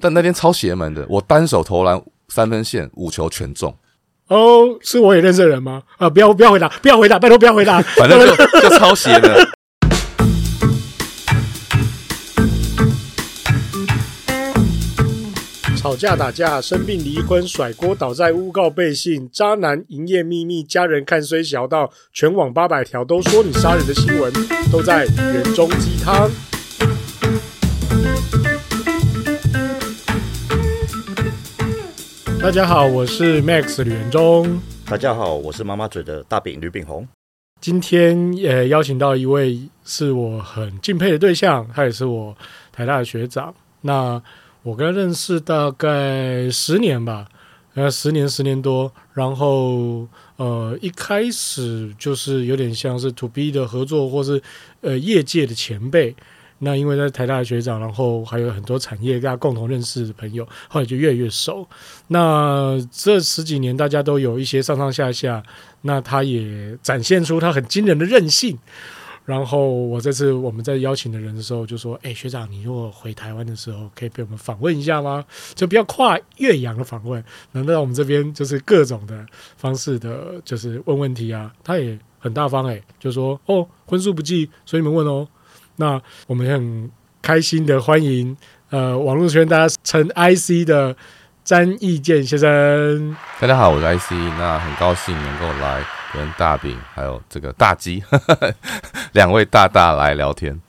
但那天超邪門的，我單手投籃三分線五球全中。哦，oh, 是我也認識人嗎？啊，不要不要回答，不要回答，拜託不要回答。反正就就超邪門 吵架打架生病離婚甩鍋倒債、誣告、背信、渣男、營業秘密、家人看衰、小道、全網八百條都說你殺人的新聞都在元鐘雞湯。大家好，我是 Max 呂元鐘。大家好，我是媽媽嘴的大餅呂炳宏。今天也邀請到一位是我很敬佩的對象，他也是我台大的學長。那我跟他認識大概十年吧，呃，十年、十年多。然後呃，一開始就是有點像是 to B 的合作，或是呃，業界的前輩。那因為在台大的學長，然後還有很多產業大家共同認識的朋友，後來就越來越熟。那這十幾年大家都有一些上上下下，那他也展現出他很驚人的韌性。然後我這次我們在邀請的人的時候，就說：“哎、欸，學長，你如果回台灣的時候，可以被我們訪問一下嗎？就不要跨越洋的訪問，能在我們這邊就是各種的方式的，就是問問題啊。”他也很大方、欸，哎，就說：“哦，葷素不忌，所以你們問哦。”那我們很開心的歡迎，呃，網絡學院大家稱 IC 的詹益鑑先生。大家好，我是 IC，那很高興能夠來跟大餅還有這個大基兩位大大來聊天。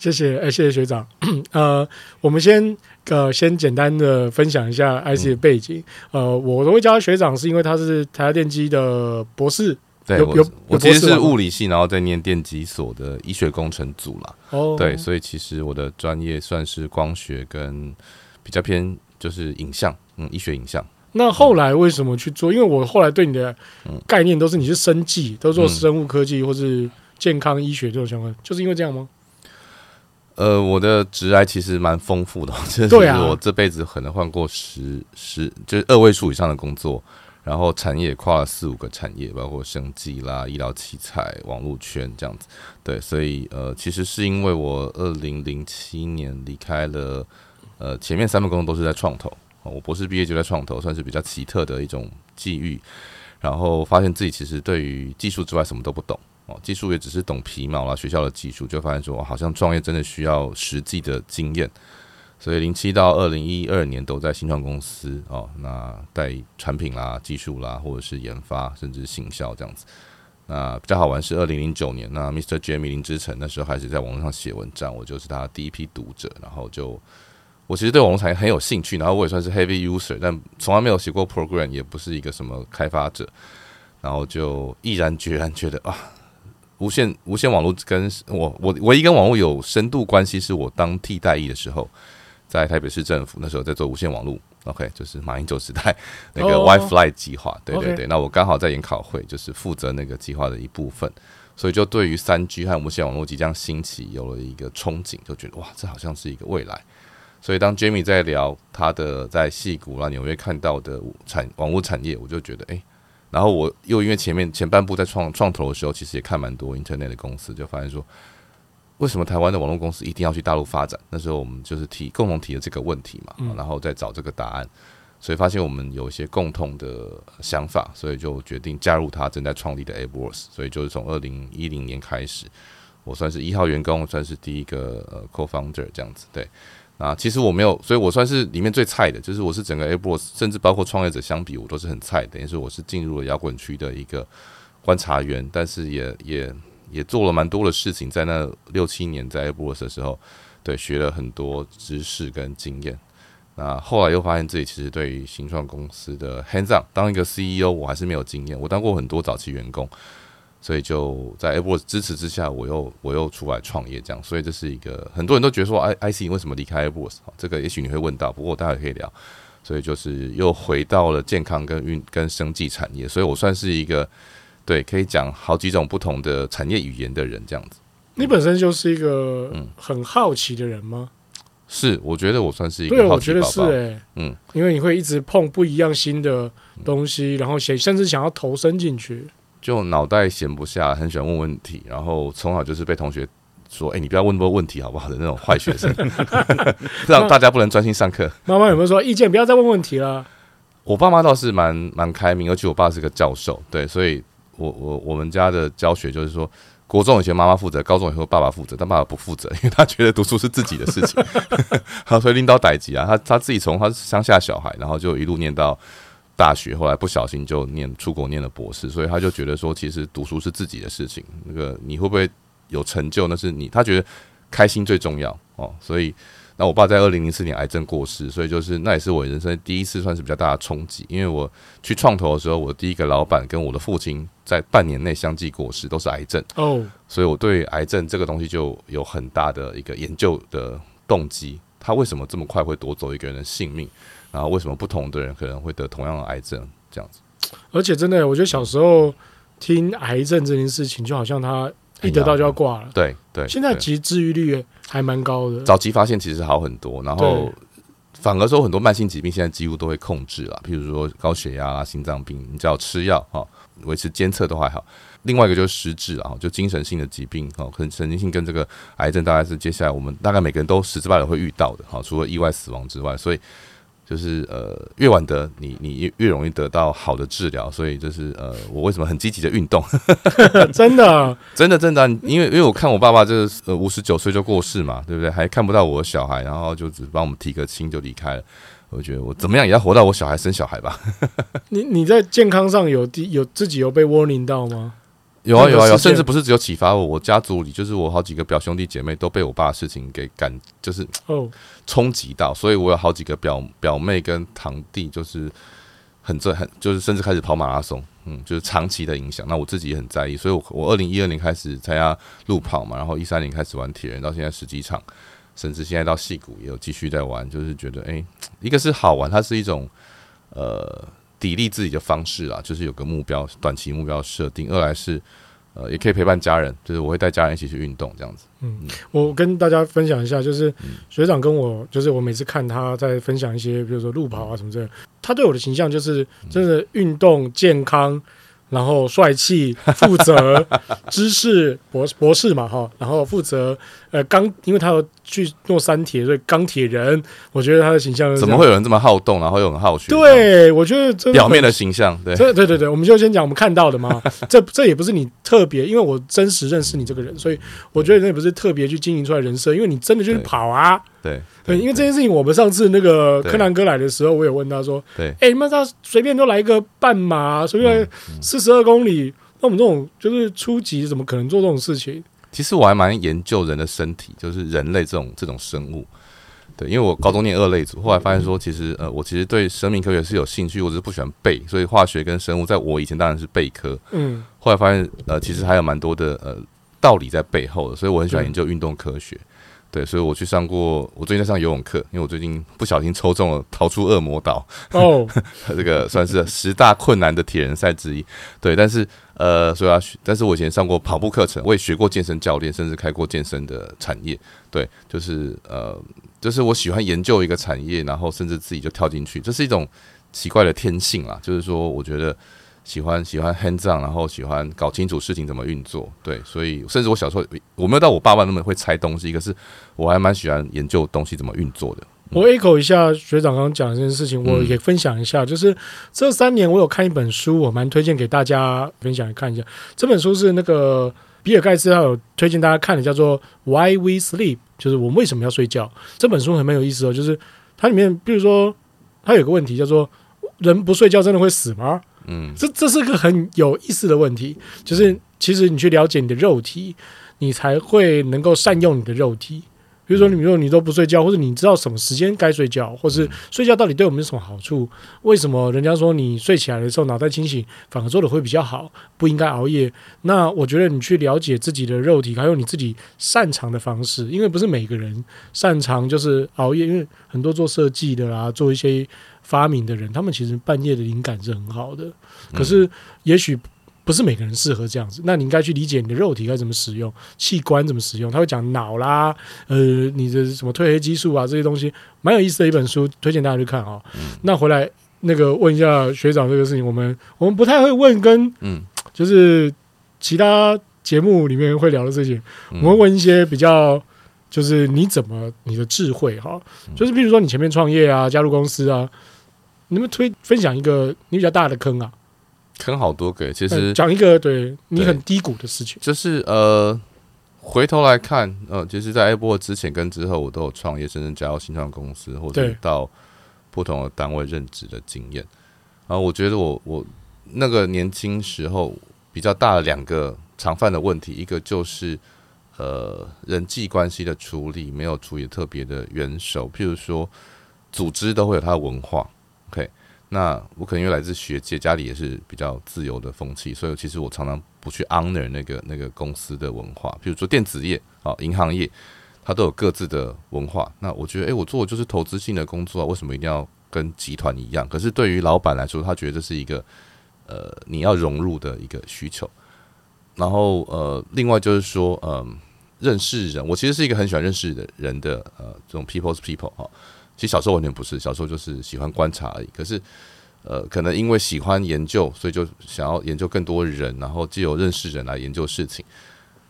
謝謝，哎、呃，謝謝學長。呃，我們先呃先簡單的分享一下 IC 的背景。嗯、呃，我都會叫他學長，是因為他是台大電機的博士。對我，有有有我其實是物理系，然後在念電機所的醫學工程組了。哦，oh. 對，所以其實我的專業算是光學跟比較偏就是影像，嗯，醫學影像。那後來為什麼去做？嗯、因為我後來對你的概念都是你是生技，嗯、都做生物科技或是健康醫學這種相關，嗯、就是因為這樣嗎？呃，我的職涯其實蠻豐富的，就是我這輩子可能換過十、啊、十就是二位數以上的工作。然後產業跨了四五個產業，包括生技啦、醫療器材、網絡圈這樣子。對，所以呃，其實是因為我二零零七年離開了，呃，前面三份工作都是在創投，哦。我博士畢業就在創投，算是比較奇特的一種際遇。然後發現自己其實對於技術之外什麼都不懂哦，技術也只是懂皮毛啦，學校的技術就發現說，哦，好像創業真的需要實際的經驗。所以零七到二零一二年都在新創公司哦，那帶產品啦、技術啦，或者是研發，甚至行銷這樣子。那比較好玩是二零零九年，那 Mr. Jamie 林之晨那時候還是在網絡上寫文章，我就是他的第一批讀者。然後就我其實對網絡產業很有興趣，然後我也算是 heavy user，但從來沒有寫過 program，也不是一個什麼開發者。然後就毅然決然覺得啊，無線無線網絡跟我我唯一跟網絡有深度關係，是我當替代役的時候。在台北市政府那時候在做無線網絡，OK，就是馬英九時代那個 WiFi 計劃，oh, 對對對。okay. 那我剛好在研考會，就是負責那個計劃的一部分，所以就對於三 G 和無線網絡即將興起有了一個憧憬，就覺得哇，這好像是一個未來。所以當 Jamie 在聊他的在硅谷啊紐約看到的產網絡產業，我就覺得哎、欸，然後我又因為前面前半部在創創投的時候，其實也看蠻多 Internet 的公司，就發現說。為什麼台灣的網絡公司一定要去大陸發展？那時候我們就是提共同提的這個問題嘛，然後再找這個答案，所以發現我們有一些共同的想法，所以就決定加入他正在創立的 AppWorks。所以就是從二零一零年開始，我算是一號員工，算是第一個呃 Co Founder 這樣子。對啊，其實我沒有，所以我算是裡面最菜的，就是我是整個 AppWorks 甚至包括創業者相比，我都是很菜的。等於是我是進入了搖滾區的一個觀察員，但是也也。也做了蠻多的事情，在那六七年在 AppWorks 的時候，對，學了很多知識跟經驗。那後來又發現自己其實對於新創公司的 hands on，當一個 CEO 我還是沒有經驗。我當過很多早期員工，所以就在 AppWorks 支持之下，我又我又出來創業這樣。所以這是一個很多人都覺得說，I I C 為什麼離開 AppWorks？這個也許你會問到，不過大家可以聊。所以就是又回到了健康跟運跟生技產業，所以我算是一個。對，可以講好幾種不同的產業語言的人，這樣子。你本身就是一個嗯，很好奇的人嗎？是，我覺得我算是一個好奇寶寶。嗯，因為你會一直碰不一樣新的東西，嗯、然後想甚至想要投身進去，就腦袋閒不下，很喜歡問問題，然後從小就是被同學說：“哎，你不要問那麼多問，問題好不好的？”的那種壞學生， 讓大家不能專心上課。媽媽，媽媽有沒有說 意見？不要再問問題了？我爸媽倒是蠻蠻開明，而且我爸是個教授，對，所以。我我我們家的教學就是說，國中以前媽媽負責，高中以後爸爸負責，但爸爸不負責，因為他覺得讀書是自己的事情，所以拎到代誌啊，他他自己從他是鄉下小孩，然後就一路念到大學，後來不小心就念出國念了博士，所以他就覺得說，其實讀書是自己的事情，那個你會不會有成就那是你，他覺得開心最重要哦，所以。那我爸在二零零四年癌症過世，所以就是那也是我人生第一次算是比較大的衝擊。因為我去創投的時候，我第一個老闆跟我的父親在半年內相繼過世，都是癌症哦，oh. 所以我對癌症這個東西就有很大的一個研究的動機。他為什麼這麼快會奪走一個人的性命？然後為什麼不同的人可能會得同樣的癌症？這樣子。而且真的，我覺得小時候聽癌症這件事情，就好像他一得到就要掛了。對、嗯、對，對對。現在其實治癒率也。還蠻高的，早期發現其實好很多，然後對反而說很多慢性疾病現在幾乎都會控制了，譬如說高血壓啊、心臟病，你只要吃藥啊，維持監測都還好。另外一個就是失智啊，就精神性的疾病啊，很神經性跟這個癌症，大概是接下來我們大概每個人都十之八九會遇到的啊，除了意外死亡之外，所以。就是呃，越晚得，你你越容易得到好的治療。所以就是呃，我為什麼很積極的運動？ 真的、啊，真的，真的、啊，因為因為我看我爸爸就是呃五十九歲就過世嘛，對不對？還看不到我的小孩，然後就只幫我們提個親就離開了。我覺得我怎麼樣也要活到我小孩生小孩吧。 你你在健康上有有，有自己有被 warning 到嗎？有啊有啊，有，甚至不是只有啟發我，我家族裡就是我好幾個表兄弟姐妹都被我爸的事情給感，就是衝擊到，所以我有好幾個表表妹跟堂弟，就是很這很就是甚至開始跑馬拉松，嗯，就是長期的影響。那我自己也很在意，所以我我二零一二年開始參加路跑嘛，然後一三年開始玩鐵人，到現在十幾場，甚至現在到矽谷也有繼續在玩，就是覺得哎、欸，一個是好玩，它是一種呃。砥礪自己的方式啦，就是有個目標，短期目標設定。二來是，呃，也可以陪伴家人，就是我會帶家人一起去運動這樣子。嗯，嗯，我跟大家分享一下，就是學長跟我，就是我每次看他，在分享一些，比如說路跑啊什麼這樣，他對我的形象就是，真的運動健康，然後帥氣、負責、 知識博博士嘛哈，然後負責呃剛，因為他有。去做三鐵，所以鋼鐵人，我覺得他的形象怎麼會有人這麼好動，然後又很好學？對，後我覺得表面的形象，對，對，對,對，對，我們就先講我們看到的嘛。 這這也不是你特別，因為我真實認識你這個人，所以我覺得你也不是特別去經營出來人設，因為你真的就是跑啊，對,對,對,對因為這件事情，我們上次那個柯南哥來的時候，對我也問他說：“對，哎、欸，那他隨便都來一個半馬，隨便四十二公里，嗯嗯、那我們這種就是初級，怎麼可能做這種事情？”其實我還蠻研究人的身體，就是人類這種這種生物，對，因為我高中念二類組，後來發現說，其實呃，我其實對生命科學是有興趣，我只是不喜歡背，所以化學跟生物在我以前當然是背科，嗯，後來發現呃，其實還有蠻多的呃道理在背後的，所以我很喜歡研究運動科學。對，所以我去上過，我最近在上游泳課，因為我最近不小心抽中了《逃出惡魔島》，哦，這個算是十大困難的鐵人賽之一。對，但是呃，所以啊，但是我以前上過跑步課程，我也學過健身教練，甚至開過健身的產業。對，就是呃，就是我喜歡研究一個產業，然後甚至自己就跳進去，這是一種奇怪的天性啦、啊。就是說，我覺得。喜歡喜歡哼唱，然後喜歡搞清楚事情怎麼運作。對，所以甚至我小時候，我沒有到我爸爸那麼會猜東西。可是我還蠻喜歡研究東西怎麼運作的。嗯、我 echo 一下學長剛剛講的這件事情，我也分享一下。嗯、就是這三年我有看一本書，我蠻推薦給大家分享一下。這本書是那個比爾蓋茨他有推薦大家看的，叫做《Why We Sleep》，就是我們為什麼要睡覺。這本書很沒有意思哦。就是它裡面，比如說，它有個問題叫做“人不睡覺真的會死嗎？”嗯，這這是個很有意思的問題，就是其實你去了解你的肉體，你才會能夠善用你的肉體。譬如你比如說，你如果你都不睡覺，或者你知道什麼時間該睡覺，或是睡覺到底對我們有什麼好處？為什麼人家說你睡起來的時候腦袋清醒，反而做的會比較好？不應該熬夜？那我覺得你去了解自己的肉體，還有你自己擅長的方式，因為不是每個人擅長就是熬夜，因為很多做設計的啦、啊，做一些。發明的人，他們其實半夜的靈感是很好的，可是也許不是每個人適合這樣子。那你應該去理解你的肉體該怎麼使用，器官怎麼使用。他會講腦啦，呃，你的什麼褪黑激素啊這些東西，蠻有意思的一本書，推薦大家去看啊、哦。那回來那個問一下學長這個事情，我們我們不太會問跟嗯，就是其他節目裡面會聊的事情，我們問一些比較就是你怎麼你的智慧哈、哦，就是譬如說你前面創業啊，加入公司啊。你們推分享一個你比較大的坑啊？坑好多個，其實講一個對，對你很低谷的事情。就是呃，回頭來看，呃，其實，在 Apple 之前跟之後，我都有創業，甚至加入新創公司，或者到不同的單位任職的經驗。然後對、呃、我覺得我，我我那個年輕時候比較大的兩個常犯的問題，一個就是呃，人際關係的處理沒有處理特別的圓熟，譬如說，組織都會有它的文化。OK，那我可能因為來自學界，家裡也是比較自由的風氣，所以其實我常常不去 honor 那個那個公司的文化。譬如說電子業啊、銀行業，它都有各自的文化。那我覺得，誒、欸，我做的就是投資性的工作，為什麼一定要跟集團一樣？可是對於老板來說，他覺得這是一個呃，你要融入的一個需求。然後呃，另外就是說，嗯、呃，認識人，我其實是一個很喜歡認識的人的呃，這種 people's people 啊其實小時候完全不是，小時候就是喜歡觀察而已。可是，呃，可能因為喜歡研究，所以就想要研究更多人，然後藉由認識人來研究事情，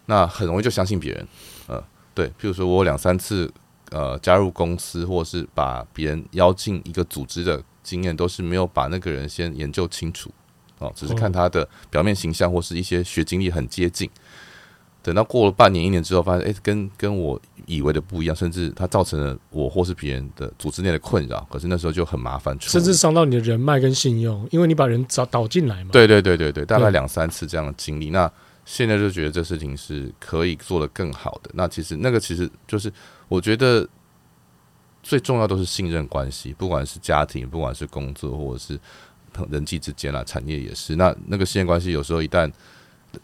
那很容易就相信別人。呃，對，譬如說我兩三次，呃，加入公司或者是把別人邀進一個組織的經驗，都是沒有把那個人先研究清楚，哦、呃，只是看他的表面形象或是一些學經歷很接近。等到過了半年一年之後，發現誒、欸，跟跟我以為的不一樣，甚至它造成了我或是別人的組織內的困擾，可是那時候就很麻煩，甚至傷到你的人脈跟信用，因為你把人找導進來嘛。對對對對對，大概兩三次這樣的經歷，嗯、那現在就覺得這事情是可以做得更好的。那其實那個其實就是，我覺得最重要都是信任關係，不管是家庭，不管是工作，或者是人際之間啦，產業也是。那那個信任關係有時候一旦。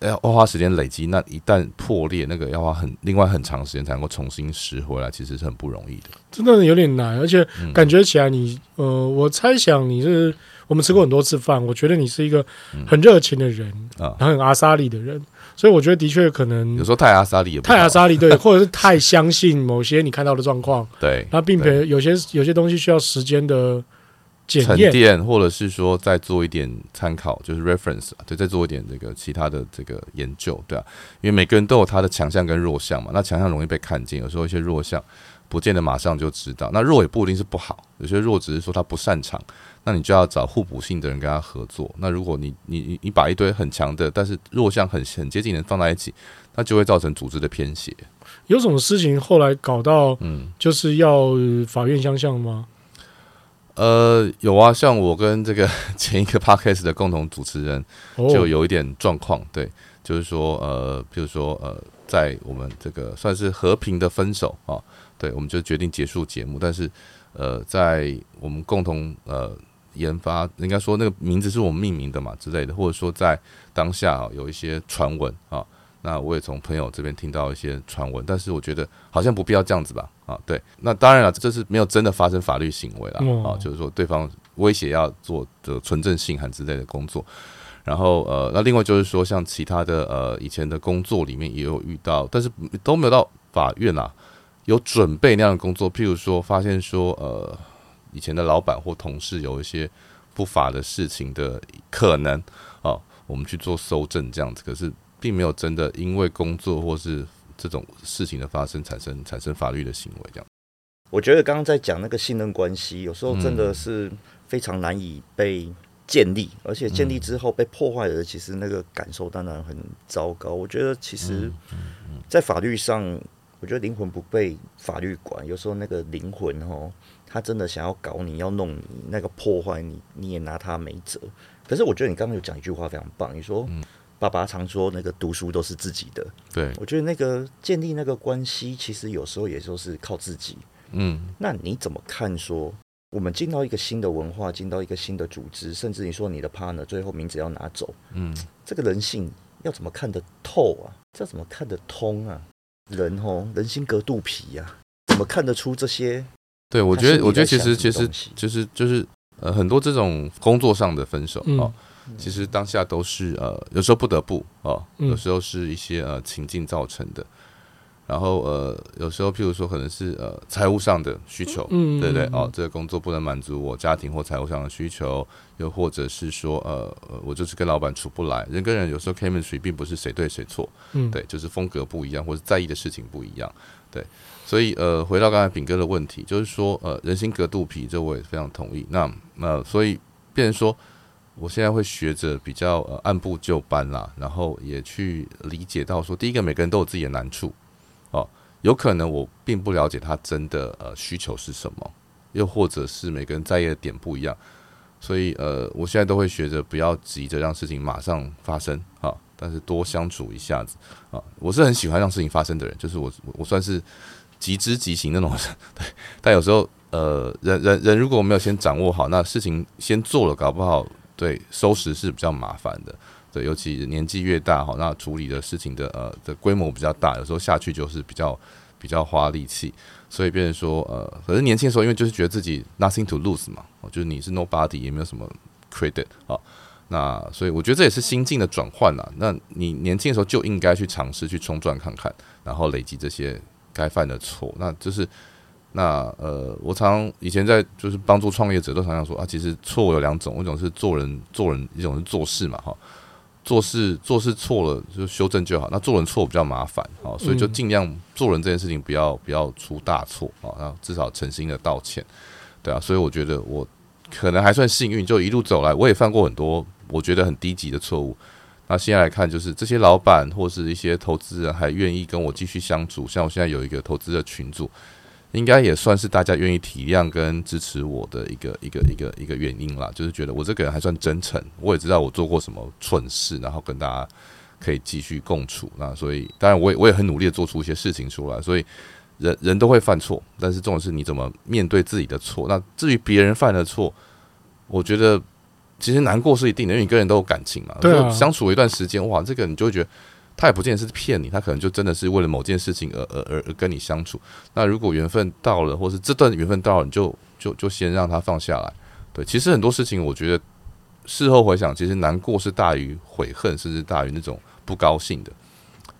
要花時間累積，那一旦破裂，那個要花很另外很長時間才能夠重新拾回來，其實是很不容易的。真的有點難，而且感覺起來你、你、嗯、呃，我猜想你是我們吃過很多次飯，我覺得你是一個很熱情的人啊，嗯嗯、然後很阿莎利的人，所以我覺得的確可能有時候太阿莎利也不，太阿莎利，對，或者是太相信某些你看到的狀況， 對，那並且有些對有些東西需要時間的。檢沉澱，或者是說再做一點參考，就是 reference，對，再做一點這個其他的這個研究，對啊，因為每個人都有他的強項跟弱項嘛。那強項容易被看見，有時候一些弱項不見得馬上就知道。那弱也不一定是不好，有些弱只是說他不擅長，那你就要找互補性的人跟他合作。那如果你你你把一堆很強的，但是弱項很很接近的人放在一起，那就會造成組織的偏斜。有什麼事情後來搞到嗯，就是要法院相向嗎？嗯呃，有啊，像我跟這個前一個 podcast 的共同主持人就有一點狀況，oh. 對，就是說，呃，比如說，呃，在我們這個算是和平的分手啊，哦，對，我們就決定結束節目，但是，呃，在我們共同呃研發，應該說那個名字是我們命名的嘛，之類的，或者說在當下，哦，有一些傳聞啊。哦那我也從朋友這邊聽到一些傳聞，但是我覺得好像不必要這樣子吧，啊，對，那當然了，這是沒有真的發生法律行為了，嗯、啊，就是說對方威脅要做的存證信函之類的工作，然後呃，那另外就是說像其他的呃以前的工作裡面也有遇到，但是都沒有到法院啊，有準備那樣的工作，譬如說發現說呃以前的老闆或同事有一些不法的事情的可能啊，我們去做搜證這樣子，可是。並沒有真的因為工作或是這種事情的發生，產生產生法律的行為。這樣，我覺得剛剛在講那個信任關係，有時候真的是非常難以被建立，嗯、而且建立之後被破壞的，其實那個感受當然很糟糕。我覺得其實，在法律上，嗯、我覺得靈魂不被法律管，有時候那個靈魂哦，他真的想要搞你要弄你，那個破壞你，你也拿他沒轍。可是我覺得你剛剛有講一句話非常棒，你說。嗯爸爸常說，那個讀書都是自己的。對，我覺得那個建立那個關係，其實有時候也就是靠自己。嗯，那你怎麼看？說我們進到一個新的文化，進到一個新的組織，甚至你說你的 partner 最後名字要拿走，嗯，這個人性要怎麼看得透啊？這怎麼看得通啊？人哦，人心隔肚皮呀，啊，怎麼看得出這些？對，我覺得，我覺得其實，其實，就是，就是就是呃，很多這種工作上的分手，嗯哦其實當下都是呃，有時候不得不哦、呃，有時候是一些呃情境造成的。然後呃，有時候譬如說可能是呃財務上的需求，嗯、對，對對，哦、呃，這個工作不能滿足我家庭或財務上的需求，又或者是說呃，我就是跟老闆處不來。人跟人有時候 chemistry 並不是誰對誰錯，嗯、對，就是風格不一樣或者在意的事情不一樣。對，所以呃，回到剛才炳哥的問題，就是說呃，人心隔肚皮，這我也非常同意。那那、呃、所以，變成說。我現在會學着比較呃按部就班啦，然後也去理解到說，第一個每個人都有自己的難處，哦，有可能我並不了解他真的呃需求是什麼，又或者是每個人在意的點不一樣，所以呃我現在都會學着不要急着讓事情馬上發生啊、哦，但是多相處一下子啊、哦，我是很喜歡讓事情發生的人，就是我我算是即知即行那種， 對，但有時候呃人人人如果我沒有先掌握好，那事情先做了，搞不好。對，收拾是比較麻煩的。對，尤其年紀越大哈，那處理的事情的呃的規模比較大，有時候下去就是比較比較花力氣。所以變成說呃，可是年輕的時候，因為就是覺得自己 nothing to lose 嘛，就是你是 nobody，也沒有什麼 credit 啊。那所以我覺得這也是心境的轉換啦。那你年輕的時候就應該去嘗試去衝撞看看，然後累積這些該犯的錯。那就是。那呃，我常以前在就是幫助創業者，都常常說啊，其實錯誤有兩種，一種是做人做人，一種是做事嘛，哈，做事做事錯了就修正就好，那做人錯比較麻煩，好，所以就盡量做人這件事情不要不要出大錯啊，然後至少誠心的道歉，對啊，所以我覺得我可能還算幸運，就一路走來，我也犯過很多我覺得很低級的錯誤，那現在來看，就是這些老板或是一些投資人還願意跟我繼續相處，像我現在有一個投資的群組。應該也算是大家願意體諒跟支持我的一個一個一個一個，一個,一個原因啦，就是覺得我這個人還算真誠，我也知道我做過什麼蠢事，然後跟大家可以繼續共處。那所以當然我也我也很努力的做出一些事情出來，所以人人都會犯錯，但是重點是你怎麼面對自己的錯。那至於別人犯的錯，我覺得其實難過是一定的，因為你跟人都有感情嘛。對，相處一段時間，哇，這個你就會覺得。他也不見得是騙你，他可能就真的是為了某件事情而而而而跟你相處。那如果緣分到了，或是這段緣分到了，你就就就先讓他放下來。對，其實很多事情，我覺得事後回想，其實難過是大於悔恨，甚至大於那種不高興的。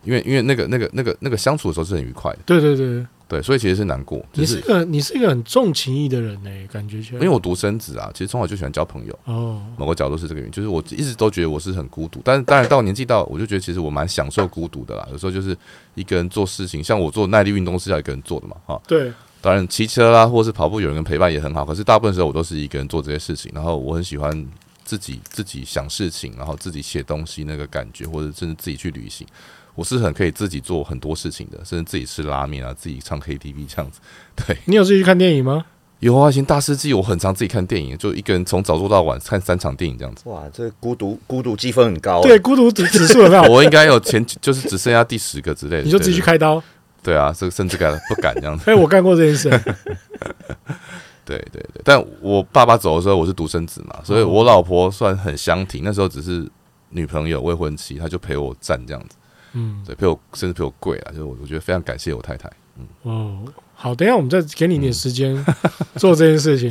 因為因為那個那個那個那個相處的時候是很愉快的。對，對對對。對，所以其實是難過。你是個、就是、你是一個很重情義的人哎、欸，感覺起來。因為我獨生子啊，其實從小就喜歡交朋友。哦，某個角度是這個原因。就是我一直都覺得我是很孤獨，但是當然到年紀到我，我就覺得其實我蠻享受孤獨的啦。有時候就是一個人做事情，像我做耐力運動是要一個人做的嘛，哈。對。當然騎車啦、啊，或是跑步，有人陪伴也很好。可是大部分時候我都是一個人做這些事情。然後我很喜歡自己自己想事情，然後自己寫東西那個感覺，或者甚至自己去旅行。我是很可以自己做很多事情的，甚至自己吃拉面啊，自己唱 KTV 這樣子。對你有自己去看電影嗎？有啊，以前大四季我很常自己看電影，就一個人從早做到晚看三場電影這樣子。哇，這個、孤獨孤獨積分很高，對孤獨指數很高。 我應該有前幾就是只剩下第十個之類的。你就自己去開刀？對啊，這個甚至敢不敢這樣子？哎， 我幹過這件事。 對對對，但我爸爸走的時候我是獨生子嘛，所以我老婆算很相挺，那時候只是女朋友、未婚妻，她就陪我站這樣子。嗯，對，比我甚至比我貴啊，就是我，我覺得非常感謝我太太。嗯，哦，好，等下我們再給你一點時間做這件事情。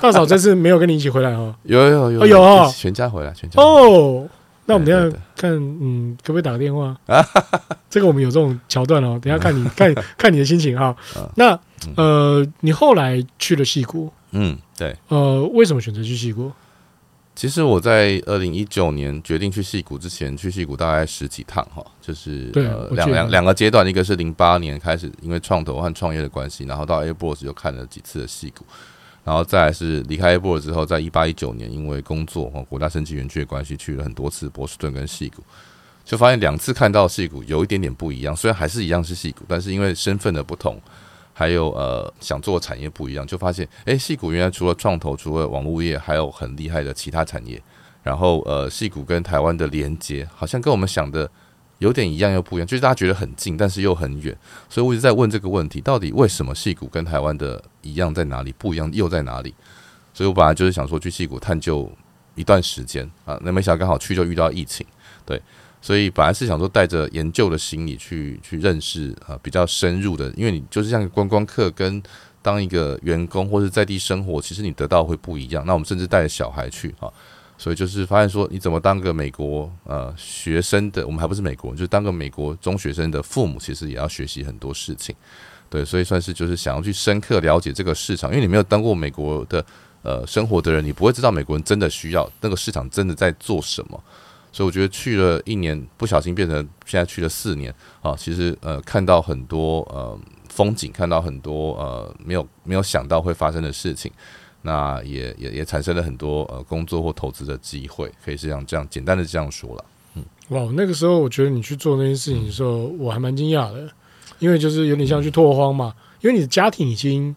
大嫂這次沒有跟你一起回來啊？有有有有，全家回來，全家。哦，那我們等下看，嗯，可不可以打個電話？這個我們有這種橋段哦，等下看你看看你的心情哈。那呃，你後來去了矽谷？嗯，對。呃，為什麼選擇去矽谷？其實我在二零一九年決定去矽谷之前，去矽谷大概十幾趟哈，就是兩兩兩個階段，一個是零八年開始，因為創投和創業的關係，然後到 Airbnb 就看了幾次的矽谷，然後再來是離開 Airbnb 之後，在一八一九年，因為工作和、哦、國家生技園區的關係，去了很多次波士頓跟矽谷，就發現兩次看到矽谷有一點點不一樣，雖然還是一樣是矽谷，但是因為身份的不同。還有呃，想做的產業不一樣，就發現哎，矽谷原來除了創投，除了網絡業，還有很厲害的其他產業。然後呃，矽谷跟台灣的連接，好像跟我們想的有點一樣又不一樣，就是大家覺得很近，但是又很遠。所以我一直在問這個問題：到底為什麼矽谷跟台灣的一樣在哪裡，不一樣又在哪裡？所以我本來就是想說去矽谷探究一段時間啊，那沒想到剛好去就遇到疫情，對。所以本來是想說帶着研究的心理去去認識啊，比較深入的，因為你就是像觀光客跟當一個員工或是在地生活，其實你得到的會不一樣。那我們甚至帶着小孩去啊，所以就是發現說，你怎麼當個美國呃學生的，我們還不是美國人，就是當個美國中學生的父母，其實也要學習很多事情。對，所以算是就是想要去深刻了解這個市場，因為你沒有當過美國的呃生活的人，你不會知道美國人真的需要那個市場真的在做什麼。所以我覺得去了一年，不小心變成現在去了四年啊！其實呃，看到很多呃風景，看到很多呃沒有沒有想到會發生的事情，那也也也產生了很多呃工作或投資的機會，可以是像這樣這樣簡單的這樣說了。嗯，哇，那個時候我覺得你去做那些事情的時候，嗯、我還蠻驚訝的，因為就是有點像去拓荒嘛，嗯、因為你的家庭已經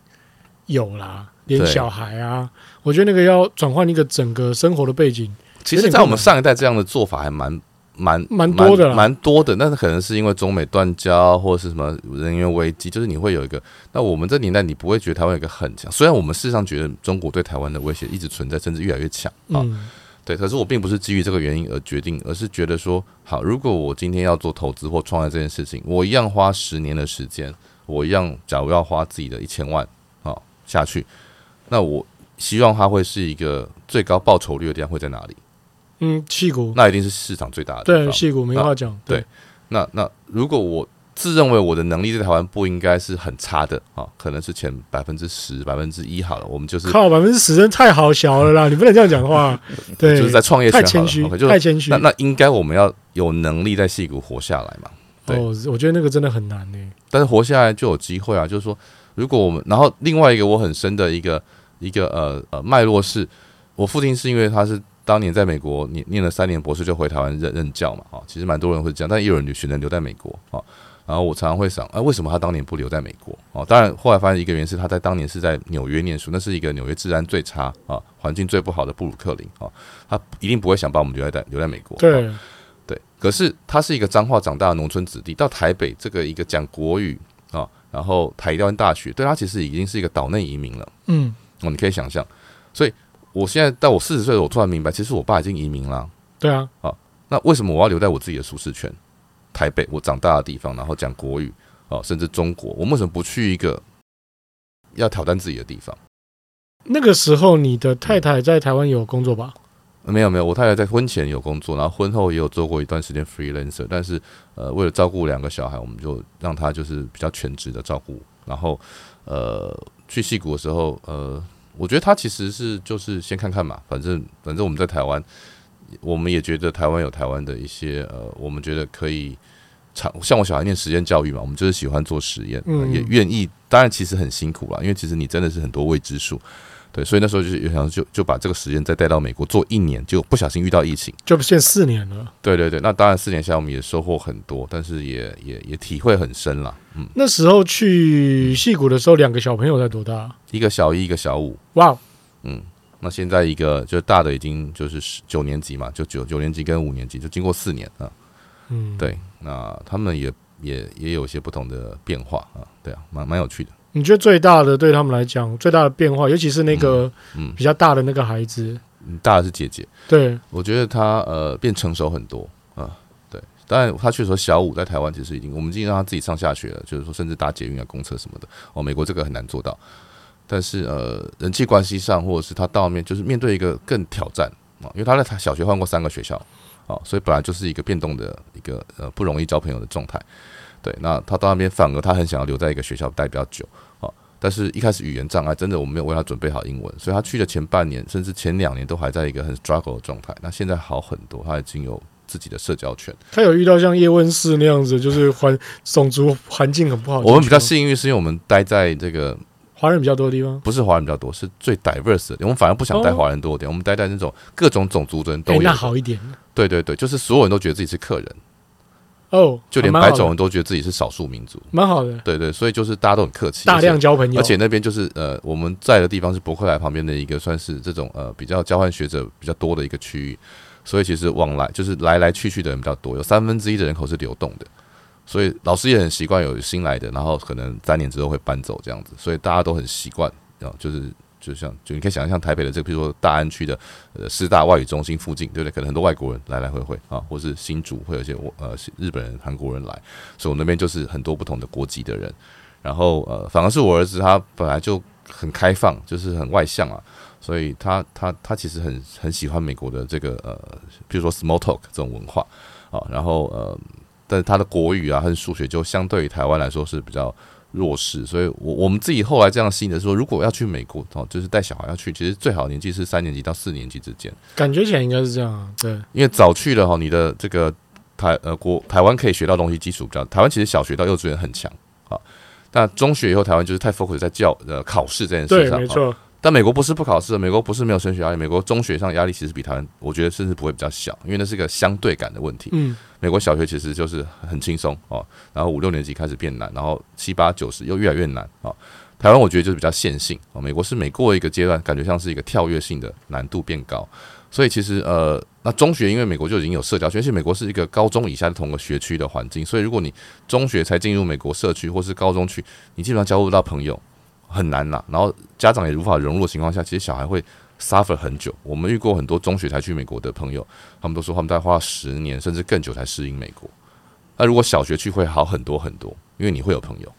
有了、啊，連小孩啊，對我覺得那個要轉換一個整個生活的背景。其實，在我們上一代這樣的做法還蠻、蠻、蠻多的，蠻多的。但是，可能是因為中美斷交，或者是什麼人員危機，就是你會有一個。那我們這年代，你不會覺得台灣有一個很強。雖然我們事實上覺得中國對台灣的威脅一直存在，甚至越來越強啊。哦嗯、對，可是我並不是基於這個原因而決定，而是覺得說，好，如果我今天要做投資或創業這件事情，我一樣花十年的時間，我一樣，假如要花自己的一千萬啊、哦、下去，那我希望它會是一個最高報酬率的地方會在哪裡？嗯，矽谷那一定是市場最大的，對矽谷沒話講。那對，對那那如果我自認為我的能力在台灣不應該是很差的啊、哦，可能是前百分之十、百分之一好了，我們就是靠百分之十，真太好笑了啦！ 你不能這樣講的話， 對，就是在創業太謙虛，okay、太謙虛。那那應該我們要有能力在矽谷活下來嘛？對，哦、我覺得那個真的很難呢。但是活下來就有機會啊，就是說，如果我們然後另外一個我很深的一個一個呃呃脈絡是，我父親是因為他是。當年在美國念念了三年博士就回台灣任任教嘛啊，其實蠻多人會這樣，但也有人就選擇留在美國啊。然後我常常會想，哎，為什麼他當年不留在美國啊？當然，後來發現一個原因是他在當年是在紐約念書，那是一個紐約治安最差啊，環境最不好的布魯克林啊，他一定不會想把我們留在在留在美國。對對，可是他是一個彰化長大的農村子弟，到台北這個一個講國語啊，然後台灣大學對他其實已經是一個島內移民了。嗯，哦，你可以想象，所以。我現在到我四十歲了，我突然明白，其實我爸已經移民了。對啊，好、哦，那為什麼我要留在我自己的舒適圈，台北我長大的地方，然後講國語啊、哦，甚至中國，我為什麼不去一個要挑戰自己的地方？那個時候，你的太太在台灣有工作吧、嗯嗯？沒有，沒有，我太太在婚前有工作，然後婚後也有做過一段時間 freelancer，但是呃，為了照顧兩個小孩，我們就讓她就是比較全職的照顧。然後呃，去矽谷的時候，呃。我覺得他其實是就是先看看嘛，反正反正我們在台灣，我們也覺得台灣有台灣的一些呃，我們覺得可以像我小孩念實驗教育嘛，我們就是喜歡做實驗、呃，也願意。當然，其實很辛苦啦，因為其實你真的是很多未知數。對，所以那時候就想就就把這個時間再帶到美國做一年，就不小心遇到疫情，就變成四年了。對對對，那當然四年下我們也收穫很多，但是也也也體會很深了。嗯，那時候去矽谷的時候，兩個小朋友在多大？一個小一，一個小五。哇 Wow，嗯，那現在一個就大的已經就是九年級嘛，就九九年級跟五年級，就經過四年啊。嗯，對，那他們也也也有一些不同的變化啊，對啊，蠻蠻有趣的。你覺得最大的對他們來講最大的變化，尤其是那個嗯比較大的那個孩子，嗯嗯、大的是姐姐，對，我覺得他呃變成熟很多啊、呃，對，當然他確實說小五在台灣其實已經我們已經讓他自己上下學了，就是說甚至搭捷運啊、公車什麼的哦，美國這個很難做到，但是呃人際關係上或者是他到後面就是面對一個更挑戰啊、呃，因為他在他小學換過三個學校啊、呃，所以本來就是一個變動的一個呃不容易交朋友的狀態，對，那他到那邊反而他很想要留在一個學校待比較久。但是，一開始語言障礙真的，我沒有為他準備好英文，所以他去了前半年，甚至前兩年都還在一個很 struggle 的狀態。那現在好很多，他已經有自己的社交圈。他有遇到像葉問四那樣子，就是環種族環境很不好。我們比較幸運是因為我們待在這個華人比較多的地方，不是華人比較多，是最 diverse 的。我們反而不想待華人多一點，哦、我們待在那種各種種族的人都、欸、那好一點。對對對，就是所有人都覺得自己是客人。哦，oh, 就連白種人都覺得自己是少數民族，蠻好的。好的對，對對，所以就是大家都很客氣，大量交朋友，而且那邊就是呃，我們在的地方是柏克萊旁邊的一個，算是這種呃比較交換學者比較多的一個區域，所以其實往來就是來來去去的人比較多，有三分之一的人口是流動的，所以老師也很習慣有新來的，然後可能三年之後會搬走這樣子，所以大家都很習慣，然後就是。就像就你可以想象，台北的這個，比如說大安區的呃師大外語中心附近，對不對？可能很多外國人來來回回啊，或是新竹會有一些呃日本人、韓國人來，所以我那邊就是很多不同的國籍的人。然後呃，反而是我兒子他本來就很開放，就是很外向啊，所以他他他其實很很喜歡美國的這個呃，比如說 small talk 這種文化啊。然後呃，但是他的國語啊，他的數學就相對於台灣來說是比較。弱勢，所以我，我我們自己後來這樣吸引的是說，如果要去美國，哦，就是帶小孩要去，其實最好年紀是三年級到四年級之間，感覺起來應該是這樣啊。對，因為早去了哈、哦，你的這個台呃國台灣可以學到東西基礎比較，台灣其實小學到幼稚園很強啊，但、哦、中學以後台灣就是太 focus 在教呃考試這件事上，對，沒錯。哦但美國不是不考試，美國不是沒有升學壓力。美國中學上壓力其實比台灣，我覺得甚至不會比較小，因為那是一個相對感的問題。嗯，美國小學其實就是很輕鬆哦，然後五六年級開始變難，然後七八九十又越來越難哦。台灣我覺得就是比較線性啊，美國是每過一個階段，感覺像是一個跳躍性的難度變高。所以其實呃，那中學因為美國就已經有社交圈，而且美國是一個高中以下的同個學區的環境，所以如果你中學才進入美國社區或是高中區，你基本上交不到朋友。很難吶、啊，然後家長也無法融入的情況下，其實小孩會 suffer 很久。我們遇過很多中學才去美國的朋友，他們都說他們在花十年甚至更久才適應美國。那如果小學去會好很多很多，因為你會有朋友，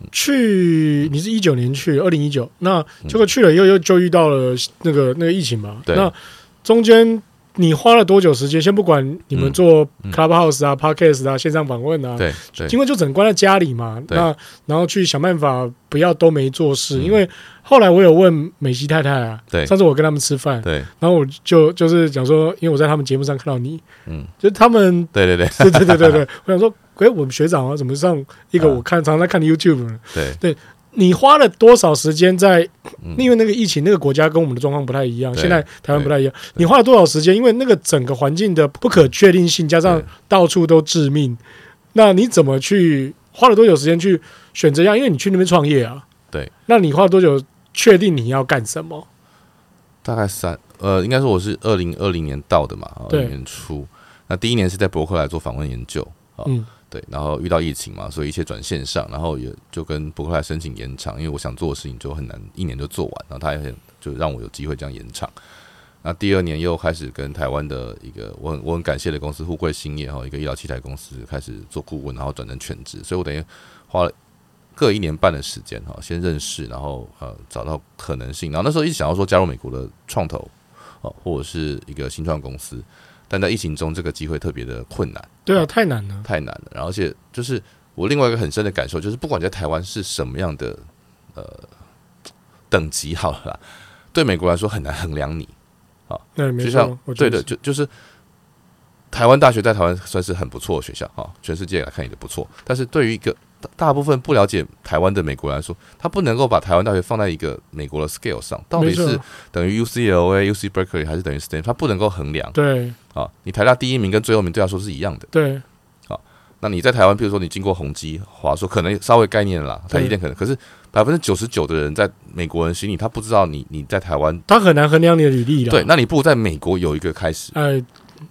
嗯。去你是一九年去二零一九，那結果去了又又就遇到了那個那個疫情嘛？對，那中間。你花了多久時間？先不管你們做 Clubhouse 啊、Podcast 啊、線上訪問啊，對，因為就只能關在家裡嘛。那然後去想辦法，不要都沒做事。因為後來我有問美西太太啊，對，上次我跟他們吃飯，對，然後我就就是講說，因為我在他們節目上看到你，嗯，就他們，對對對對對對對，我想說，誒，我們學長啊，怎麼上一個我看，常常看 YouTube，對對。你花了多少時間在？因為那個疫情，那個國家跟我們的狀況不太一樣。現在台灣不太一樣。你花了多少時間？因為那個整個環境的不可確定性，加上到處都致命，那你怎麼去花了多久時間去選擇？要因為你去那邊創業啊。對。那你花了多久確定你要幹什麼？大概三呃，應該說我是二零二零年到的嘛，二零年初。那第一年是在柏克萊做訪問研究。嗯。對，然後遇到疫情嘛，所以一切轉線上，然後也就跟柏克萊申請延長，因為我想做的事情就很難一年就做完，然後他也很就讓我有機會這樣延長。那第二年又開始跟台灣的一個我很我很感謝的公司富貴興業哈，一個醫療器材公司開始做顧問，然後轉成全職，所以我等於花了各一年半的時間哈，先認識，然後呃找到可能性，然後那時候一直想要說加入美國的創投啊，或者是一個新創公司。但在疫情中，這個機會特別的困難。對啊，太難了，太難了。然後，而且就是我另外一個很深的感受，就是不管你在台灣是什麼樣的呃等級好了，對美國人來說很難衡量你啊。對就像對的，就就是台灣大學在台灣算是很不錯的學校啊，全世界來看也不錯。但是對於一個大，大部分不了解台灣的美國人來說，他不能夠把台灣大學放在一個美國的 scale 上，到底是等於 UCLA 錯、UC Berkeley 還是等於 Stanford？他不能夠衡量。對。啊，你台大第一名跟最後名對他說是一樣的。對，好。那你在台灣，譬如說你經過宏基、華碩，可能稍微概念，了啦，有一點可能。對可是百分之九十九的人，在美國人心裡，他不知道你你在台灣，他很難衡量你的履歷。對，那你不如在美國有一個開始。哎、呃，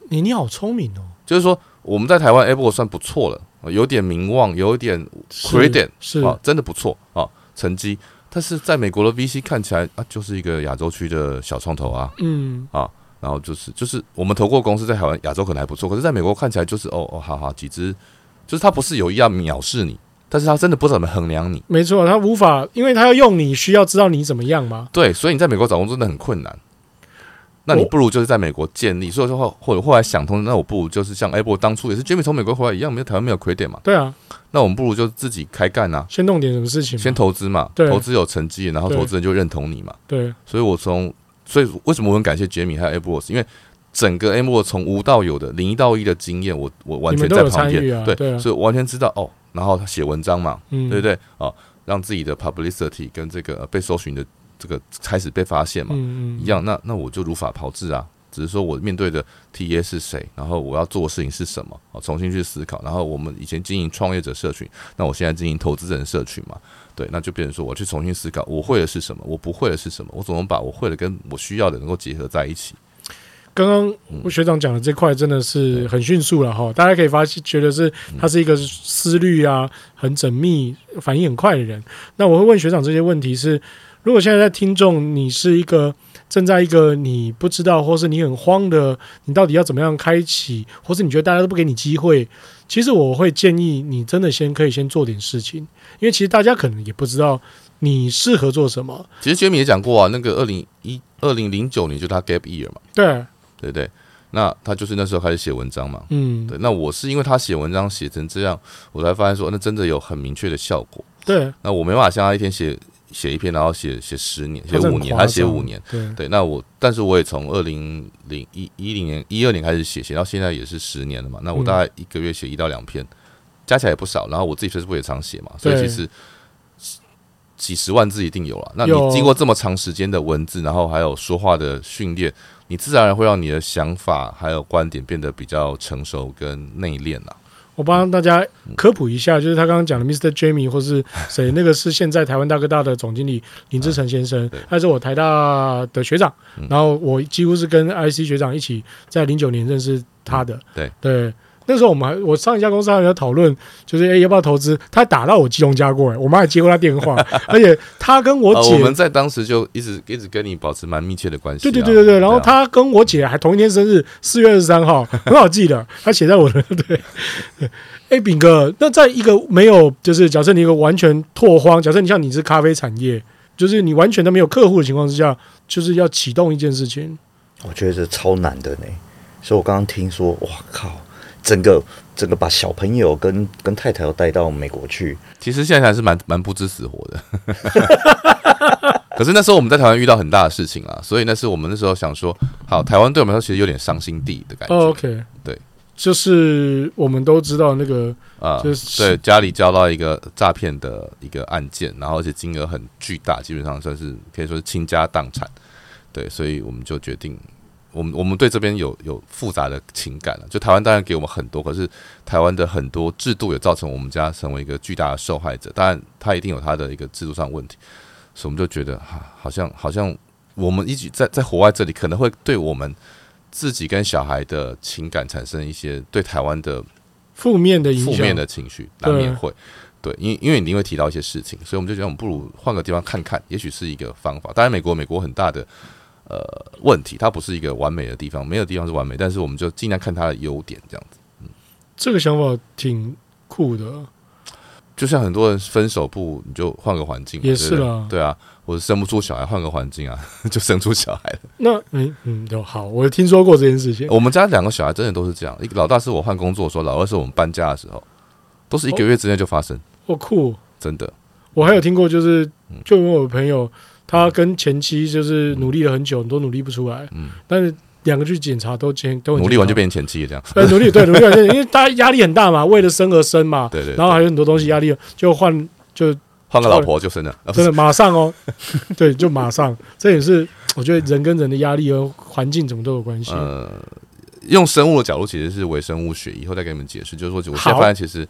你你好聰明哦。就是說，我們在台灣 Apple 算不錯了，有點名望，有一點 credit，是好，是真的不錯啊，成績。但是在美國的 VC 看起來啊，就是一個亞洲區的小創投啊。嗯啊。嗯然後就是就是我們投過公司在台灣亞洲可能還不錯，可是在美國看起來就是哦哦好好幾只，就是他不是有意要藐視你，但是他真的不是怎麼衡量你。沒錯，他無法，因為他要用你需要知道你怎麼樣嗎？對，所以你在美國找工作真的很困難。那你不如就是在美國建立我所以說或後，後來想通，那我不如就是像 Apple 當初也是 Jimmy 從美國回來一樣，沒有台灣沒有 credit 嘛，對啊。那我們不如就自己開幹啊！先弄點什麼事情，先投資嘛，對投資有成績，然後投資人就認同你嘛。對，對所以我從。所以為什麼我很感謝傑米還有 AppWorks？因為整個 AppWorks 從無到有的零到一的經驗，我我完全在旁邊，啊、對，對了所以我完全知道哦。然後他寫文章嘛，嗯、對不對，對？哦，讓自己的 publicity 跟這個、呃、被搜尋的這個開始被發現嘛，嗯嗯一樣。那那我就如法炮制啊，只是說我面對的 TA 是誰，然後我要做的事情是什麼、哦，重新去思考。然後我們以前經營創業者社群，那我現在經營投資人社群嘛。對，那就變成說，我去重新思考，我會的是什麼，我不會的是什麼，我怎麼把我會的跟我需要的能夠結合在一起？剛剛學長講的這塊真的是很迅速了哈，對大家可以發現，覺得是他是一個思慮啊，很縝密，反應很快的人。嗯、那我會問學長這些問題是：如果現在在聽眾，你是一個正在一個你不知道，或是你很慌的，你到底要怎麼樣開啟，或是你覺得大家都不給你機會？其實我會建議你真的先可以先做點事情，因為其實大家可能也不知道你適合做什麼。其實杰米也講過啊，那個二零一二零零九年就他 gap year 嘛，對對對，那他就是那時候開始寫文章嘛，嗯，對。那我是因為他寫文章寫成這樣，我才發現說那真的有很明確的效果。對，那我沒辦法像他一天寫。寫一篇，然後寫寫十年，寫五年，他寫五年，對，對，那我，但是我也從二零零一、一零年、一二年開始寫，寫到現在也是十年了嘛。嗯、那我大概一個月寫一到兩篇，加起來也不少。然後我自己確實不也常寫嘛，對所以其實幾十萬字一定有了。有，那你經過這麼長時間的文字，然後還有說話的訓練，你自然而然會讓你的想法還有觀點變得比較成熟跟內斂了。我幫大家科普一下，就是他剛剛講的 Mr. Jamie，或是誰，那個是現在台灣大哥大的總經理林之晨先生，他是我台大的學長，然後我幾乎是跟 IC 學長一起在零九年認識他的，嗯，對。對那時候我們還我上一家公司還有討論，就是哎、欸、要不要投資？他打到我基隆家過來，我媽也接過他電話， 而且他跟我姐、啊，我們在當時就一直一直跟你保持蠻密切的關係、啊。對對對對，對然後他跟我姐還同一天生日，四月二十三號， 很好記的。他寫在我的對，哎炳、欸、哥，那在一個沒有就是假設你一個完全拓荒，假設你像你是咖啡產業，就是你完全都沒有客戶的情況之下，就是要啟動一件事情，我覺得這超難的呢。所以我剛剛聽說，哇靠！整個整個把小朋友跟跟太太都帶到美國去，其實現在還是蠻蠻不知死活的。 可是那時候我們在台灣遇到很大的事情啊，所以那是我們那時候想說，好，台灣對我們其實有點傷心地的感覺。Oh, OK，對，就是我們都知道那個啊、就是嗯，對，家裡交到一個詐騙的一個案件，然後而且金額很巨大，基本上算是可以說是傾家蕩產。對，所以我們就決定。我們我們對這邊有有複雜的情感了，就台灣當然給我們很多，可是台灣的很多制度也造成我們家成為一個巨大的受害者。當然，他一定有他的一個制度上的問題，所以我們就覺得哈，好像好像我們一直在在國外這裡可能會對我們自己跟小孩的情感產生一些對台灣的負面的影響，負面的情緒，難免會。對，因因為你會提到一些事情，所以我們就覺得我們不如換個地方看看，也許是一個方法。當然，美國美國很大的。呃，問題它不是一個完美的地方，沒有地方是完美，但是我們就盡量看它的優點，這樣子。嗯，這個想法挺酷的啊。就像很多人分手不，你就換個環境，也是了。對啊，我是生不出小孩，換個環境啊，就生出小孩那，嗯嗯，就好，我有聽說過這件事情。我們家兩個小孩真的都是這樣，一個老大是我換工作的時候，老二是我們搬家的時候，都是一個月之內就發生。哦，哦酷，真的。我還有聽過，就是就因為我朋友。嗯他跟前妻就是努力了很久，嗯、都努力不出來。嗯，但是兩個去檢查都前都努力完就變成前妻了這樣。呃， 努力對努力完就，因為大家壓力很大嘛，為了生而生嘛。對對，對。然後還有很多東西壓力、嗯、就換就換個老婆就生了，真的對是馬上哦，對，就馬上。 這也是我覺得人跟人的壓力和環境怎麼都有關係。呃，用生物的角度其實是微生物學，以後再給你們解釋。就是說我現在發現其實。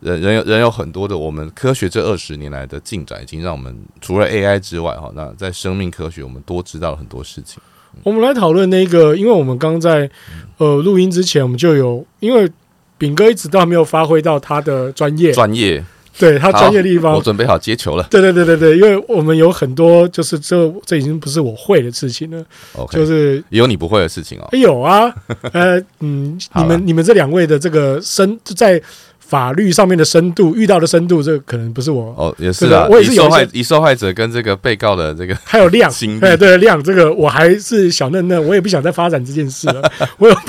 人人有人有很多的，我們科學這二十年來的進展，已經讓我們除了 AI 之外，哈，那在生命科學，我們多知道了很多事情。我們來討論那個，因為我們剛在呃錄音之前，我們就有，因為炳哥一直都沒有發揮到他的專業、專業，對他專業的地方，我準備好接球了。對對對對對，因為我們有很多，就是這這已經不是我會的事情了。Okay, 就是也有你不會的事情哦，有、哎、啊，呃嗯， 你們吧你們這兩位的這個生就在。法律上面的深度，遇到的深度，這可能不是我哦，也是啊。我也是受害、以受害者跟這個被告的這個，還有量刑，哎，對量這個我還是小嫩嫩，我也不想再發展這件事了。我有被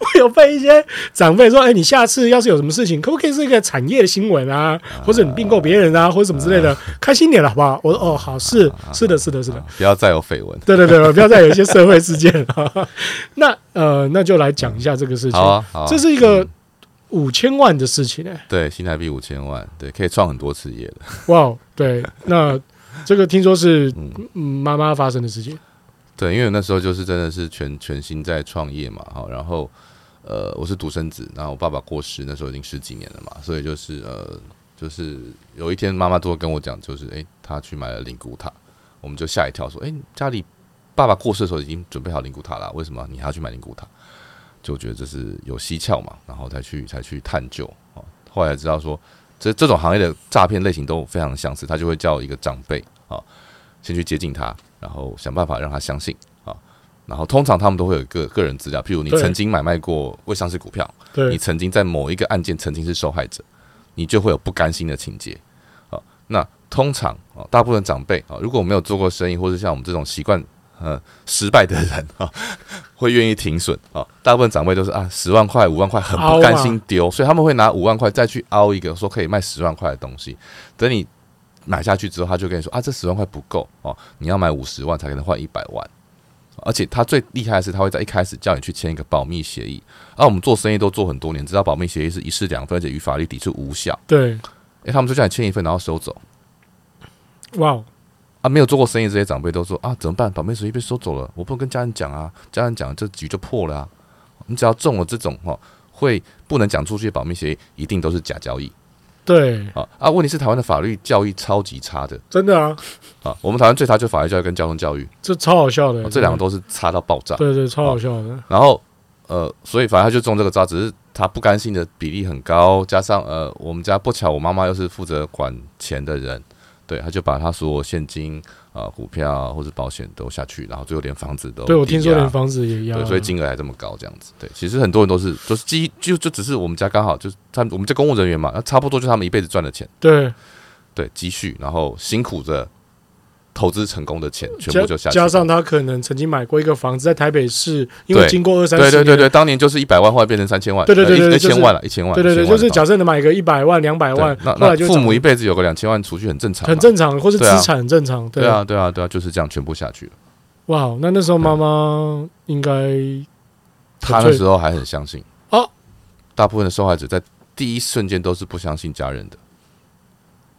我有被一些長輩說，哎，你下次要是有什麼事情，可不可以是一個產業的新聞啊，或者你併購別人啊，或者什麼之類的，開心點了好不好？我說哦，好，是，是的是的是的，不要再有緋聞，對對對，不要再有一些社會事件了。那呃，那就來講一下這個事情，這是一個。五千萬的事情、欸、對，新台幣五千萬，對，可以創很多次業了。哇，wow, 對，那這個聽說是媽媽、 嗯、發生的事情，對，因為那時候就是真的是全全心在創業嘛，哈，然後呃，我是獨生子，然後我爸爸過世，那時候已經十幾年了嘛，所以就是呃，就是有一天媽媽都會跟我講，就是哎，她、欸、去買了靈骨塔，我們就嚇一跳說，說、欸、哎，家裡爸爸過世的時候已經準備好靈骨塔了，為什麼你還要去買靈骨塔？就覺得這是有蹊蹺嘛，然後再去才去探究。後來知道說，這這種行業的詐騙類型都非常相似，他就會叫一個長輩啊，先去接近他，然後想辦法讓他相信啊。然後通常他們都會有個個人資料，譬如你曾經買賣過未上市股票，對，你曾經在某一個案件曾經是受害者，你就會有不甘心的情節啊。那通常啊，大部分長輩啊，如果我沒有做過生意，或是像我們這種習慣。嗯、呃，失敗的人啊，哦，會願意停損啊、哦。大部分長輩都是啊，十萬塊、五萬塊很不甘心丟，啊，所以他們會拿五萬塊再去凹一個，說可以賣十萬塊的東西。等你買下去之後，他就跟你說啊，這十萬塊不夠哦，你要買五十萬才可能換一百萬。而且他最厲害的是，他會在一開始叫你去簽一個保密協議。而，啊、我們做生意都做很多年，知道保密協議是一式兩份，而且與法律抵觸無效。對，哎、欸，他們就叫你簽一份，然後收走。哇。啊，沒有做過生意，這些長輩都說啊，怎麼辦？保密協議被收走了，我不能跟家人講啊，家人講，這局就破了啊。你只要中了這種哈，會不能講出去保密協議，一定都是假交易。對啊，啊，問題是台灣的法律教育超級差的，真的啊。啊，我們台灣最差就法律教育跟交通教育，這超好笑的，啊，這兩個都是差到爆炸。對對，超好笑的。啊，然後呃，所以反正他就中這個招，只是他不甘心的比例很高，加上呃，我們家不巧，我媽媽又是負責管錢的人。對，他就把他所有現金啊、呃、股票、或者保險都下去，然後最後連房子都對，我聽說連房子也一樣。對，所以金額還這麼高，這樣子。對，其實很多人都是就是積，就就,就只是我們家剛好就是他，我們這公務人員嘛，那差不多就是他們一輩子賺的錢。對，對，積蓄，然後辛苦着。投資成功的錢全部就下去，加上他可能曾經買過一個房子在台北市，因為經過二三十年，對對對對，當年就是一百萬，後來變成三千萬，對對對，一千萬了，一千萬，對對對，就是假設你買個一百萬、兩百萬，那那父母一輩子有個兩千萬儲蓄很正常，很正常，或是資產很正常，對啊對啊對啊，就是這樣，全部下去了。哇，那那時候媽媽應該，他那時候還很相信啊。大部分的受害者在第一瞬間都是不相信家人的。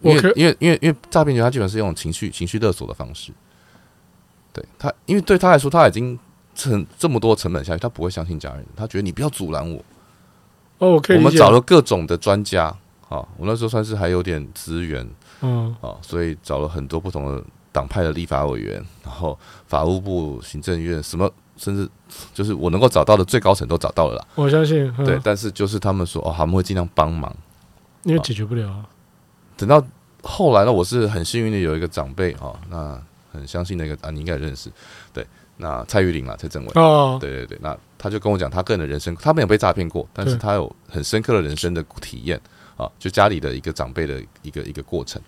因為可因為因為因為詐騙者他基本上是用情緒情緒勒索的方式對，對他，因為對他來說，他已經成這麼多成本下去，他不會相信家人，他覺得你不要阻攔我。可以。我們找了各種的專家啊、哦，我那時候算是還有點資源，嗯、哦、啊，所以找了很多不同的黨派的立法委員，然後法務部、行政院什麼，甚至就是我能夠找到的最高層都找到了啦。我相信。對，但是就是他們說哦，他們會盡量幫忙，因為解決不了。等到後來呢，我是很幸運的，有一個長輩啊，那很相信的一個啊，你應該也認識，對，那蔡玉玲啊，蔡政委，啊，oh. 對對對，那他就跟我講，他個人的人生，他沒有被詐騙過，但是他有很深刻的人生的體驗啊，就家裡的一個長輩的一個一個過程，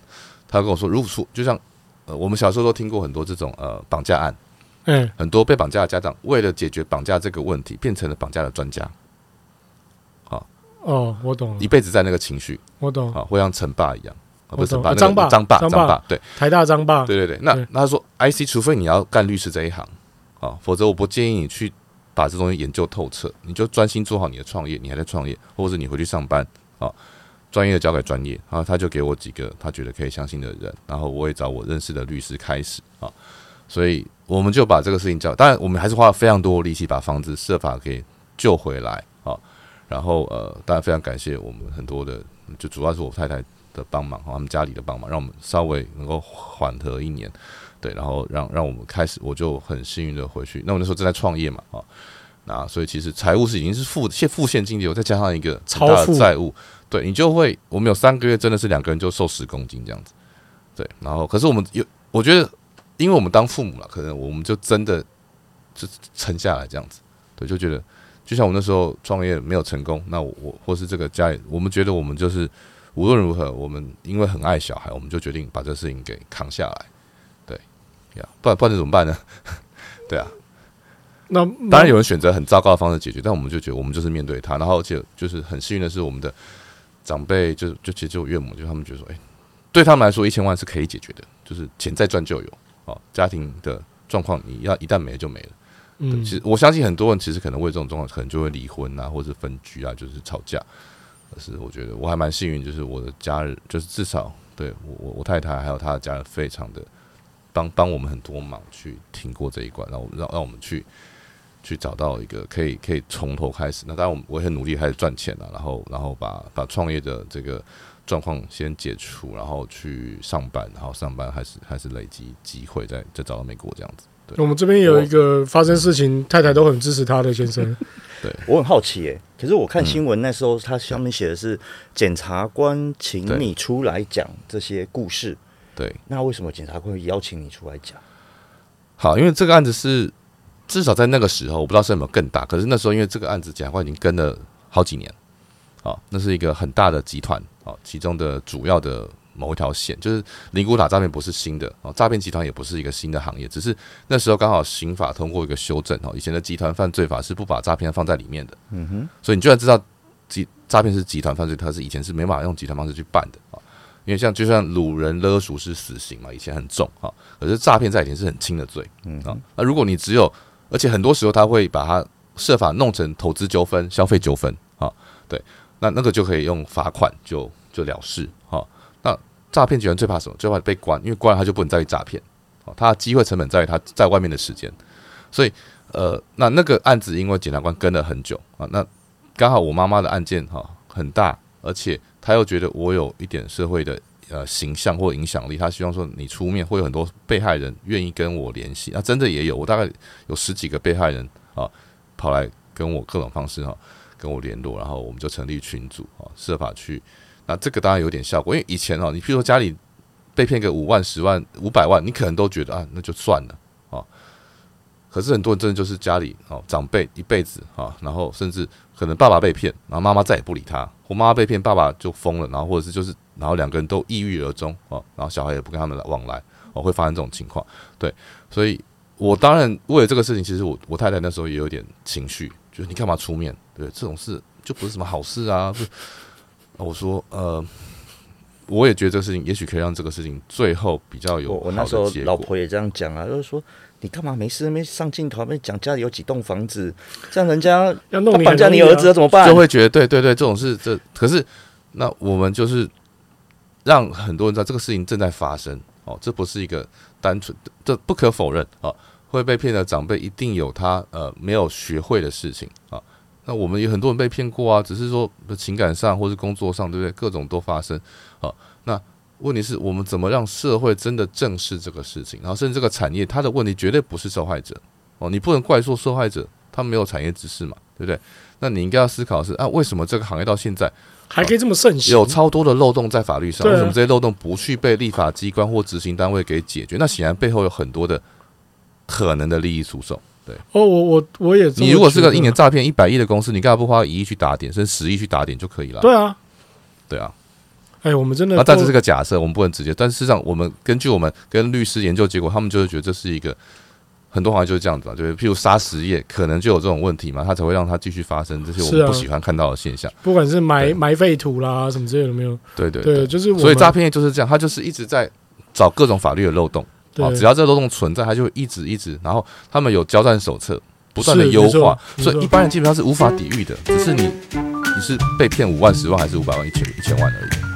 他跟我說，如果說就像呃，我們小時候都聽過很多這種呃綁架案，嗯，oh. 很多被綁架的家長為了解決綁架這個問題，變成了綁架的專家。哦，我懂了。一輩子在那個情緒，我懂啊，會像陳霸一樣，啊、不是陳霸，張霸，張霸，張霸，對，台大張霸，對對對。那對那他說，IC，除非你要幹律師這一行啊，否則我不建議你去把這東西研究透徹，你就專心做好你的創業。你還在創業，或者你回去上班啊，專業的交給專業啊。然後他就給我幾個他覺得可以相信的人，然後我也找我認識的律師開始啊。所以我們就把這個事情交，當然我們還是花了非常多力氣把房子設法給救回來。然後呃，當然非常感謝我們很多的，就主要是我太太的幫忙，他們家裡的幫忙，讓我們稍微能夠緩和一年，對，然後讓讓我們開始，我就很幸運的回去。那我那時候正在創業嘛啊，那所以其實財務是已經是負現負現金流，再加上一個超大的債務，富對你就會，我們有三個月真的是兩個人就瘦十公斤這樣子，對，然後可是我們有，我覺得，因為我們當父母了，可能我們就真的就撐下來這樣子，對，就覺得。就像我們那時候創業沒有成功，那我，我或是這個家裡，我們覺得我們就是無論如何，我們因為很愛小孩，我們就決定把這事情給扛下來。對，呀，不然不然怎麼辦呢？ 對啊，那當然有人選擇很糟糕的方式解決，但我們就覺得我們就是面對他，然後就就是很幸運的是，我們的長輩就就其實就我岳母，就他們覺得說，哎、欸，對他們來說一千萬是可以解決的，就是錢再賺就有啊、哦。家庭的狀況，你要一旦沒了就沒了。嗯，其實我相信很多人其實可能為這種狀況，可能就會離婚啊，或者分居啊，就是吵架。可是我覺得我還蠻幸運，就是我的家人，就是至少對我我我太太還有她的家人，非常的幫幫我們很多忙，去挺過這一關，然後讓讓我們去去找到一個可以可以從頭開始。那當然我，我我也很努力開始賺錢了，然後然後把把創業的這個狀況先解除，然後去上班，然後上班還是還是累積機會，再再找到美國這樣子。我們這邊有一個發生事情，太太都很支持他的先生。對，我很好奇誒、欸。可是我看新聞那時候，它上面寫的是檢察官請你出來講這些故事。對，對那為什麼檢察官會邀請你出來講？好，因為這個案子是至少在那個時候，我不知道是有沒有更大。可是那時候，因為這個案子，檢察官已經跟了好幾年。好、哦，那是一個很大的集團好、哦，其中的主要的。某一條線就是尼古塔詐騙不是新的哦，詐騙集團也不是一個新的行業，只是那時候剛好刑法通過一個修正哦，以前的集團犯罪法是不把詐騙放在裡面的，嗯哼，所以你就算知道，集詐騙是集團犯罪，它是以前是沒辦法用集團方式去辦的啊、哦，因為像就像擄人勒贖是死刑嘛，以前很重啊、哦，可是詐騙在以前是很輕的罪，嗯啊哼、哦，那如果你只有，而且很多時候他會把它設法弄成投資糾紛、消費糾紛啊，對，那那個就可以用罰款就就了事哈。哦詐騙集團最怕什麼？最怕被關，因為關了他就不能再去詐騙，哦，他的機會成本在於他在外面的時間。所以，呃，那那個案子因為檢察官跟了很久啊，那剛好我媽媽的案件哈很大，而且他又覺得我有一點社會的呃形象或影響力，他希望說你出面會有很多被害人願意跟我聯繫，那真的也有，我大概有十幾個被害人啊，跑來跟我各種方式哈、啊、跟我聯絡，然後我們就成立群組啊，設法去。那這個當然有點效果，因為以前哦，你譬如說家裡被騙個五萬、十萬、五百萬，你可能都覺得啊，那就算了啊。可是很多人真的就是家裡哦，長輩一輩子啊，然後甚至可能爸爸被騙，然後媽媽再也不理他；或媽媽被騙，爸爸就瘋了，然後或者是就是，然後兩個人都抑鬱而終啊，然後小孩也不跟他們來往來哦，會發生這種情況。對，所以我當然為了這個事情，其實我我太太那時候也有點情緒，就是你幹嘛出面對這種事就不是什麼好事啊。 我說呃，我也覺得這個事情，也許可以讓這個事情最後比較有好的結果。我那時候老婆也這樣講啊，就是說你幹嘛沒事沒上鏡頭，沒講家裡有幾棟房子，這樣人家要弄，啊，綁架你兒子要怎麼辦？就會覺得對對對，這種事這可是那我們就是讓很多人知道這個事情正在發生哦，這不是一個單純的這不可否認啊，哦，會被騙的長輩一定有他呃沒有學會的事情啊。哦那我們有很多人被騙過啊，只是說情感上或是工作上，對不對？各種都發生好，啊，那問題是我們怎麼讓社會真的正視這個事情？然後，甚至這個產業它的問題絕對不是受害者哦，啊，你不能怪說受害者他沒有產業知識嘛，對不對？那你應該要思考的是啊，為什麼這個行業到現在還可以這麼盛行？有超多的漏洞在法律上，為什麼這些漏洞不去被立法機關或執行單位給解決？那顯然背後有很多的可能的利益輸送。哦，我我我也知道。你如果是個一年詐騙一百億的公司，你幹嘛不花一億去打點，甚至十億去打點就可以了？對啊，對啊。哎，我們真的。那但這是這個假設我們不能直接，但事實上，我們根據我們跟律師研究結果，他們就是覺得這是一個很多行業就是這樣子吧？就是譬如砂石業，可能就有這種問題嘛，他才會讓他繼續發生這些我們不喜歡看到的現象。不管是埋埋廢土啦，什麼之類的沒有？對對對，就是所以詐騙就是這樣，他就是一直在找各種法律的漏洞。對只要這個漏洞存在，它就會一直一直。然後他們有交戰手冊，不斷的優化，所以一般人基本上是無法抵禦的。只是你，你是被騙五萬、十萬，還是五百萬、一千、一千萬而已。